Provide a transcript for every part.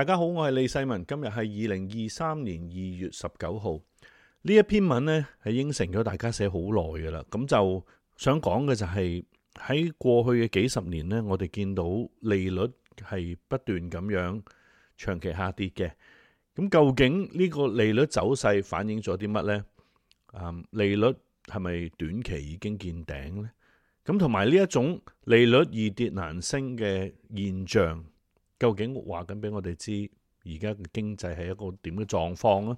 大家好，我係李世民，今日係二零二三年二月十九號，呢一篇文呢係應承咗大家寫好耐噶啦，咁就想講嘅就係喺過去嘅幾十年呢，我哋見到利率係不斷咁樣長期下跌嘅，咁究竟呢個利率走勢反映咗啲乜呢？嗯，利率係咪短期已經見頂呢？咁同埋呢一種利率易跌難升嘅現象。究竟話緊俾我哋知而家嘅經濟係一個點嘅狀況咧？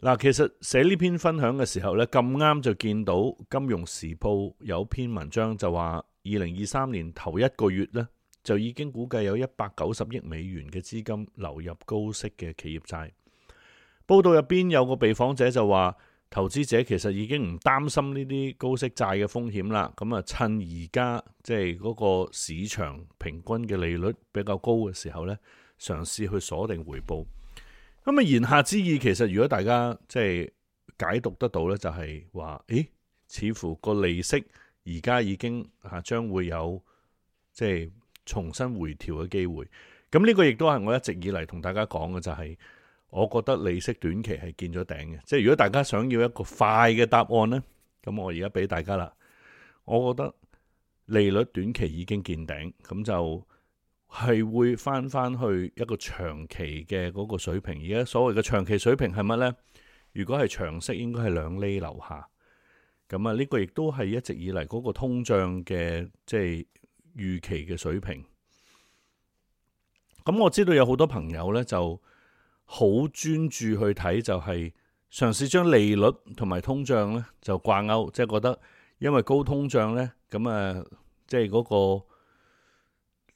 嗱，其實寫呢篇分享嘅時候呢，咁啱就見到《金融時報》有篇文章就話，二零二三年頭一個月呢，就已經估計有一百九十億美元嘅資金流入高息嘅企業債。報道入邊有個被訪者就話。投資者其實已經唔擔心呢啲高息債嘅風險啦，咁啊趁而家即係嗰個市場平均嘅利率比較高嘅時候呢，嘗試去鎖定回報。咁啊言下之意，其實如果大家即係解讀得到呢，就係話，誒似乎個利息而家已經嚇將會有即係重新回調嘅機會。咁呢個亦都係我一直以嚟同大家講嘅就係。我覺得利息短期係見咗頂嘅，即係如果大家想要一個快嘅答案呢，咁我而家俾大家啦。我覺得利率短期已經見頂，咁就係會翻翻去一個長期嘅嗰個水平。而家所謂嘅長期水平係乜呢？如果係長息，應該係兩厘樓下咁啊。呢個亦都係一直以嚟，嗰個通脹嘅即係預期嘅水平。咁我知道有好多朋友呢就。好專注去睇，就係嘗試將利率同埋通脹呢就掛鈎，即係覺得因為高通脹呢，咁啊，即係嗰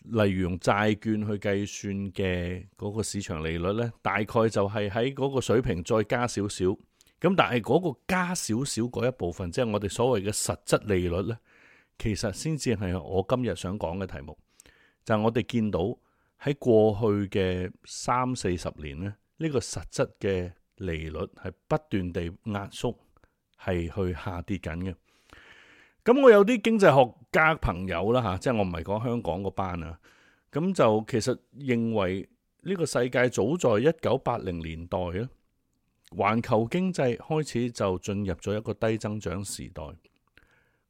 個例如用債券去計算嘅嗰個市場利率呢，大概就係喺嗰個水平再加少少。咁但係嗰個加少少嗰一部分，即係我哋所謂嘅實質利率呢，其實先至係我今日想講嘅題目，就係我哋見到。喺過去嘅三四十年呢，呢、呢個實質嘅利率係不斷地壓縮，係去下跌緊嘅。咁我有啲經濟學家朋友啦吓，即係我唔係講香港嗰班啊。咁就其實認為呢個世界早在一九八零年代咧，環球經濟開始就進入咗一個低增長時代。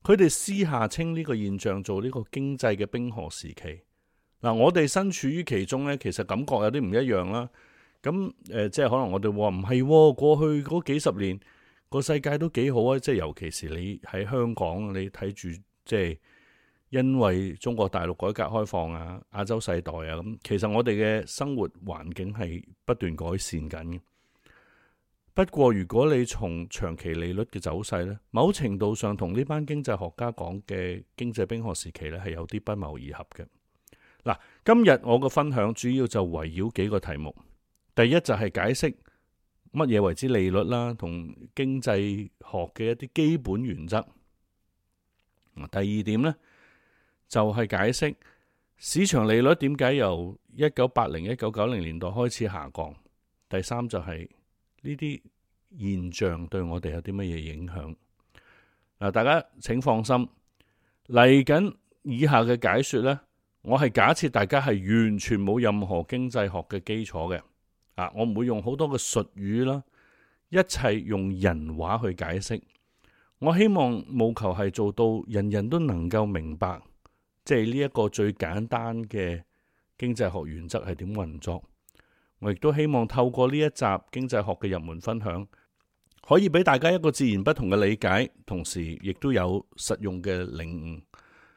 佢哋私下稱呢個現象做呢個經濟嘅冰河時期。嗱，我哋身處於其中呢，其實感覺有啲唔一樣啦。咁誒，即係可能我哋話唔係過去嗰幾十年個世界都幾好啊，即係尤其是你喺香港，你睇住即係因為中國大陸改革開放啊、亞洲世代啊咁，其實我哋嘅生活環境係不斷改善緊嘅。不過，如果你從長期利率嘅走勢呢，某程度上同呢班經濟學家講嘅經濟冰河時期呢，係有啲不謀而合嘅。嗱，今日我嘅分享主要就圍繞幾個題目。第一就係解釋乜嘢為之利率啦，同經濟學嘅一啲基本原則。第二點呢，就係解釋市場利率點解由一九八零、一九九零年代開始下降。第三就係呢啲現象對我哋有啲乜嘢影響。嗱，大家請放心，嚟緊以下嘅解說呢。我係假設大家係完全冇任何經濟學嘅基礎嘅，啊，我唔會用好多嘅術語啦，一切用人話去解釋。我希望務求係做到人人都能夠明白，即係呢一個最簡單嘅經濟學原則係點運作。我亦都希望透過呢一集經濟學嘅入門分享，可以俾大家一個截然不同嘅理解，同時亦都有實用嘅領悟。